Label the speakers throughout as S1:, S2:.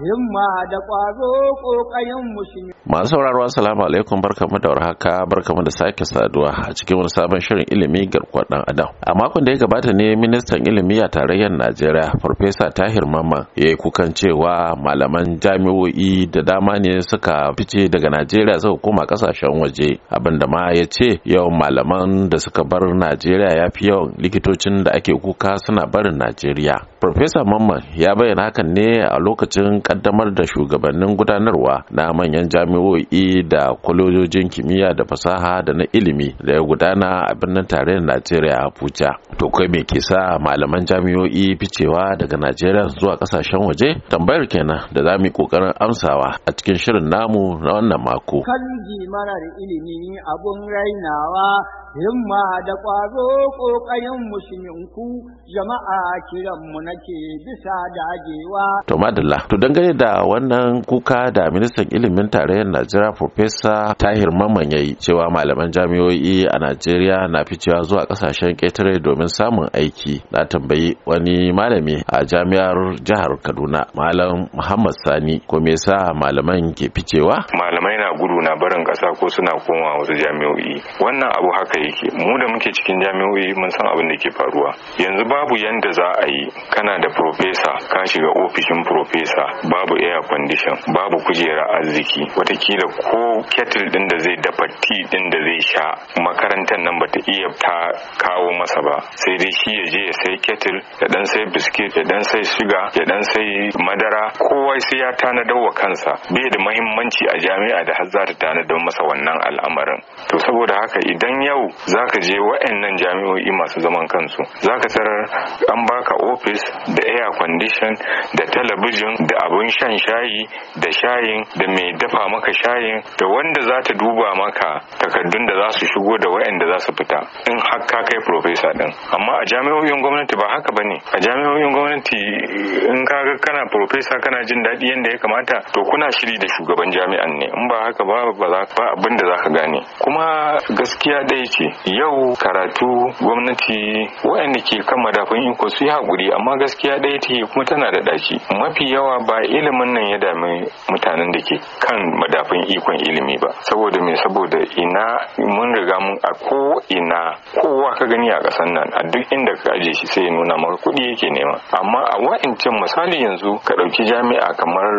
S1: himma da ƙwazo ƙoƙayen musulmi.
S2: Masu sauraro assalamu alaikum barkamu da warhaka barkamu da sake saduwa a cikin wani sabon shirin ilimi garkuwar ɗan adam. A makon da ya gabata ne ministan ilimi a tarayyar Najeriya Farfesa Tahir Mamman ya yi kukan cewa malaman jami'o'i da dama ne suka fice daga Najeriya suka koma ƙasashen waje abinda ma ya ce yawan malaman da suka bar Najeriya ya fi yawan likitocin da ake kuka suna barin Najeriya. Farfesa Mamman ya bayyana hakan ne a lokacin kaddamar da shugabannin gudanarwa na manyan jami'o'i da kwalojojin kimiyya da fasaha da na ilimi da ya gudana a birnin tarayyar Najeriya a Abuja. To kai me ke sa malaman jami'o'i ficewa daga Najeriya zuwa kasashen waje? Tambayar kenan da za mu yi kokarin amsawa a cikin shirin namu na wannan mako.
S1: Kanji mara ilimi abun rainawa himma da ƙwazo ƙayan musulminku
S2: jama'a kiranmu nake bisa dagewa. To madalla, to dangane da wannan kuka da ministan ilimin tarayyar Najeriya Profesa Tahir Mamman ya yi cewa malaman jami'o'i a Najeriya na ficewa zuwa ƙasashen ƙetare domin samun aiki. Na tambayi wani malami a jami'ar jihar Kaduna, Malam Muhammad Sani, ko me yasa malaman ke ficewa?
S1: Malamai na gudu na barin ƙasa ko suna komawa wasu jami'o'i. Wannan abu haka yake mu da muke cikin jami'o'i mun san abin da ke faruwa yanzu babu yanda za a yi kana da profesa ka shiga ofishin profesa babu air condition babu kujera arziki watakila ko kettle din da zai dafa tea din da zai sha makarantar nan bata iya ta kawo masa ba sai dai shi ya je ya sai kettle ya dan sai biskit ya dan sai shiga ya dan sai madara kowa sai ya tana wa kansa bai da mahimmanci a jami'a da har za ta da masa wannan al'amarin to saboda haka idan yau za ka je wa'annan jami'o'i masu zaman kansu za ka tarar an baka ofis da air condition da talabijin da abun shan shayi da shayin da mai dafa maka shayin da wanda za ta duba maka takardun da za su shigo da wa'anda za su fita in har ka kai profesa din amma a jami'o'in gwamnati ba haka bane a jami'o'in gwamnati in ka ga kana profesa kana jin daɗi yadda ya kamata to kuna shiri da shugaban jami'an ne in ba haka ba ba abin da za ka gane kuma gaskiya dai yau karatu gwamnati waɗanda ke kan madafun iko su yi haƙuri amma gaskiya ɗaya take kuma tana da ɗaci mafi yawa ba ilimin nan ya dami mutanen da ke kan madafun ikon ilimi ba saboda me saboda ina mun riga mun a ko ina kowa ka gani a ƙasar nan a duk inda ka aje shi sai ya nuna maka kuɗi yake nema amma a wa'ancan misali yanzu ka ɗauki jami'a kamar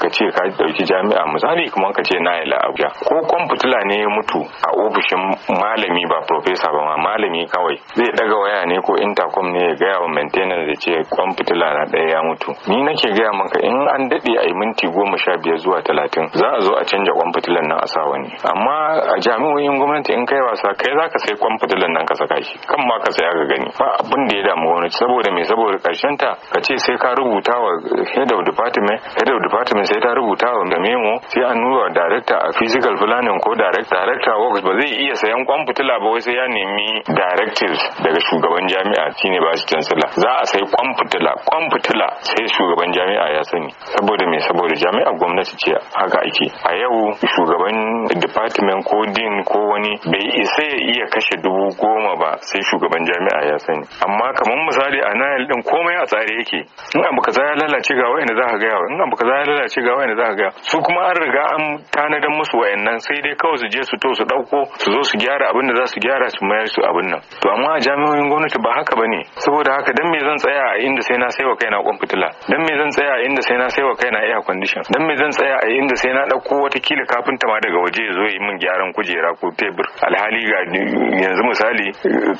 S1: ka ce ka ɗauki jami'a misali kamar ka ce na yi abuja ko kwamfutula ne ya mutu a ofishin malami ba profesa ba ma malami kawai zai daga waya ne ko intercom ne ya gaya wa maintainer da ce kwan fitila na daya ya mutu ni nake gaya maka in an daɗe a yi minti goma sha biyar zuwa talatin za a zo a canja kwan fitilan nan a sa wani amma a jami'o'in gwamnati in kai wasa kai za ka sai kwan fitilan nan ka saka shi kan ma ka saya ka gani ba abin da ya damu wani saboda me saboda karshen ta ka ce sai ka rubuta wa head of department head of department sai ta rubuta wa memo sai an nuna director a physical planning ko director director works ba zai iya sayan kwan fitila ba wai sai ya nemi directive daga shugaban jami'a shine ba shi cancela za a sai kwan fitila kwan fitila sai shugaban jami'a ya sani saboda me saboda jami'a gwamnati ce haka ake a yau shugaban department ko din ko wani bai isa ya iya kashe dubu goma ba sai shugaban jami'a ya sani amma kamar misali a nayal din komai a tsare yake in abu kaza ya lalace ga wayanda za ka gaya in abu kaza ya lalace ga wayanda za ka gaya su kuma an riga an tanadan musu wayannan sai dai kawai su je su to su dauko su zo su gyara gyara abin da za su gyara su mayar su abin nan to amma a jami'o'in gwamnati ba haka bane saboda haka dan me zan tsaya a inda sai na saiwa kaina kwan fitila dan me zan tsaya a inda sai na saiwa kaina air condition dan me zan tsaya a inda sai na dauko wata kila kafinta ma daga waje ya zo yi min gyaran kujera ko tebur alhali ga yanzu misali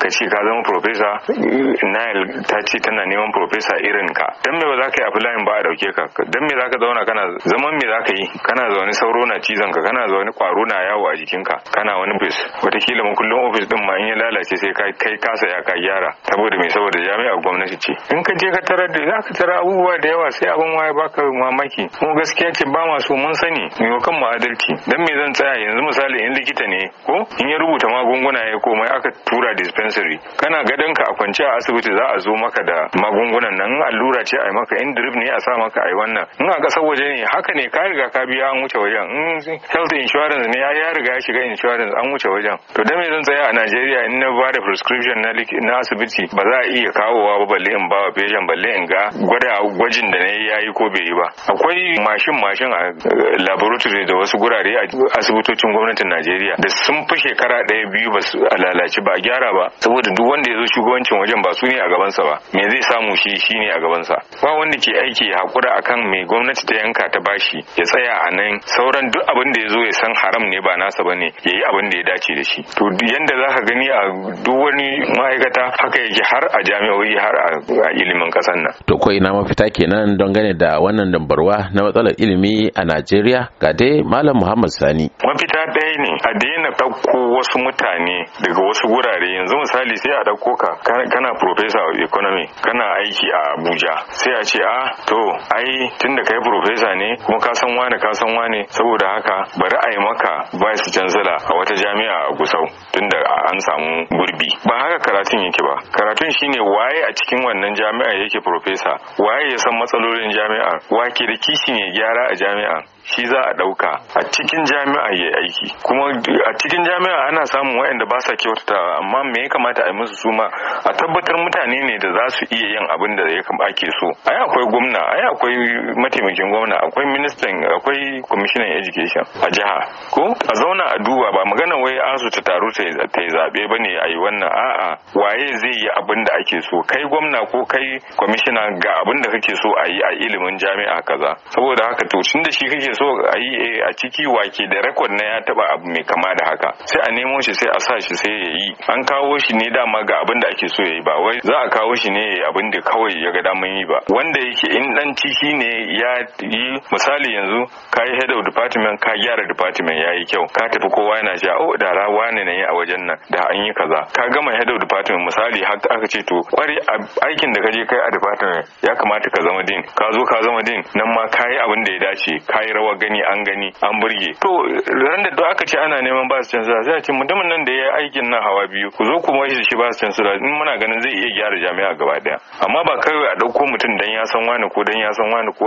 S1: ka ce ka zama profesa Nile ta ce tana neman profesa irin ka dan me ba za ka yi applying ba a dauke ka dan me za ka zauna kana zaman me za ka yi kana zaune sauro na cizon ka kana zaune kwaro na yawo a jikinka kana wani bus wata kila mun kullum ofis din ma in ya lalace sai kai kai ka saya ka gyara saboda me saboda jami'a gwamnati ce in ka je ka tarar da zaka tara abubuwa da yawa sai abin waya baka mamaki mu gaskiya ce ba ma so mun sani mu kan mu adalci dan me zan tsaya yanzu misali in likita ne ko in ya rubuta magunguna ya komai aka tura dispensary kana ka a kwance a asibiti za a zo maka da magungunan nan in allura ce a maka in drip ne a sa maka a yi wannan in a kasar waje ne haka ne ka riga ka biya an wuce wajen in health insurance ne ya riga ya shiga insurance an wuce wajen to da me zan tsaya a Najeriya in na ba da prescription na na asibiti ba za a iya kawowa ba balle in ba wa patient balle in ga gwada gwajin da na yayi ko bai yi ba akwai mashin mashin a eh, laboratory da wasu gurare a asibitocin gwamnatin Najeriya da sun fi shekara ɗaya biyu ba su lalace ba gyara ba saboda duk wanda ya zo shugabancin wajen ba su ne a gabansa ba me zai samu shi shi ne a gabansa ba wanda ke aiki hakura akan mai gwamnati ta yanka ta bashi ya tsaya a nan sauran duk abin da ya zo ya san haram ne ba nasa ba ne ya abin da ya dace da shi aiki to yanda za ka gani a duk wani ma'aikata haka yake har a jami'o'i har a ilimin kasar nan
S2: to ko ina mafita kenan don gane da wannan dambarwa na matsalar ilimi a Najeriya ga dai malam Muhammad Sani
S1: mafita ɗaya ne a daina ɗauko wasu mutane daga wasu gurare yanzu misali sai a ɗauko ka kana professor of economy kana aiki a Abuja sai a ce a ah, to ai tunda kai professor ne kuma ka san wani ka san wani saboda haka bari a yi maka vice chancellor a wata jami'a a sau tunda an samu gurbi ba haka karatun yake ba karatun shine waye a cikin wannan jami'a yake profesa waye ya san matsalolin jami'a wake da kishin ya gyara a jami'a shi za a ɗauka a cikin jami'a ya aiki kuma a cikin jami'a ana samun waɗanda ba sa kyautatawa amma me ya kamata a yi musu suma a tabbatar mutane ne da za su iya yin abin da ya ake so ai akwai gwamna ai akwai mataimakin gwamna akwai ministan akwai kwamishinan education a jiha ko a zauna a duba ba magana wai asu ta taru ta yi zaɓe ba ne a yi wannan a'a waye zai yi abin da ake so kai gwamna ko kai kwamishina ga abin da kake so a yi a ilimin jami'a kaza saboda haka to tun da shi kake so a yi a ciki wake da rekod na ya taba abu mai kama da haka sai a nemo shi sai a sa shi sai ya yi an kawo shi ne dama ga abin da ake so ya yi ba wai za a kawo shi ne abin da kawai ya ga daman yi ba wanda yake in dan ciki ne ya yi misali yanzu ka yi head of department ka gyara department ya yi kyau ka tafi kowa yana cewa oh da rawa ne ne a wajen nan da an yi kaza ka gama head of department misali har aka ce to kwari aikin da ka je kai a department ya kamata ka zama din ka zo ka zama din nan ma ka yi abin da ya dace ka yi rawa gani an gani an burge to ran da aka ce ana neman ba su cansila sai a ce mutumin nan da ya yi aikin nan hawa biyu ku zo ku mai shi ba su cansila in muna ganin zai iya gyara jami'a gaba daya amma ba kawai a dauko mutum dan ya san wani ko dan ya san wani ko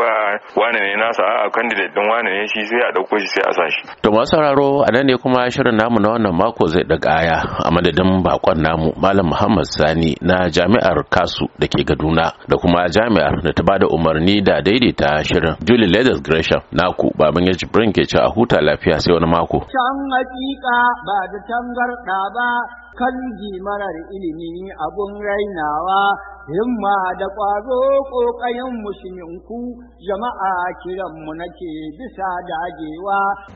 S1: wani ne nasa a'a candidate din wani ne shi sai a dauko shi sai a sa shi
S2: to masu sauraro a nan ne kuma shirin namu na wannan mako zai daga aya a madadin bakon namu malam muhammad sani na jami'ar kasu da ke Gaduna, da kuma jami'ar da ta bada umarni da daidaita shirin julie leathers gresham na naku baban ya jibrin ke ci a huta lafiya sai wani mako
S1: can hakika ba da tangarda ba kan marar ilimi abun rainawa himma da ƙwazo ƙoƙarin musulminku jama'a mu nake bisa dagewa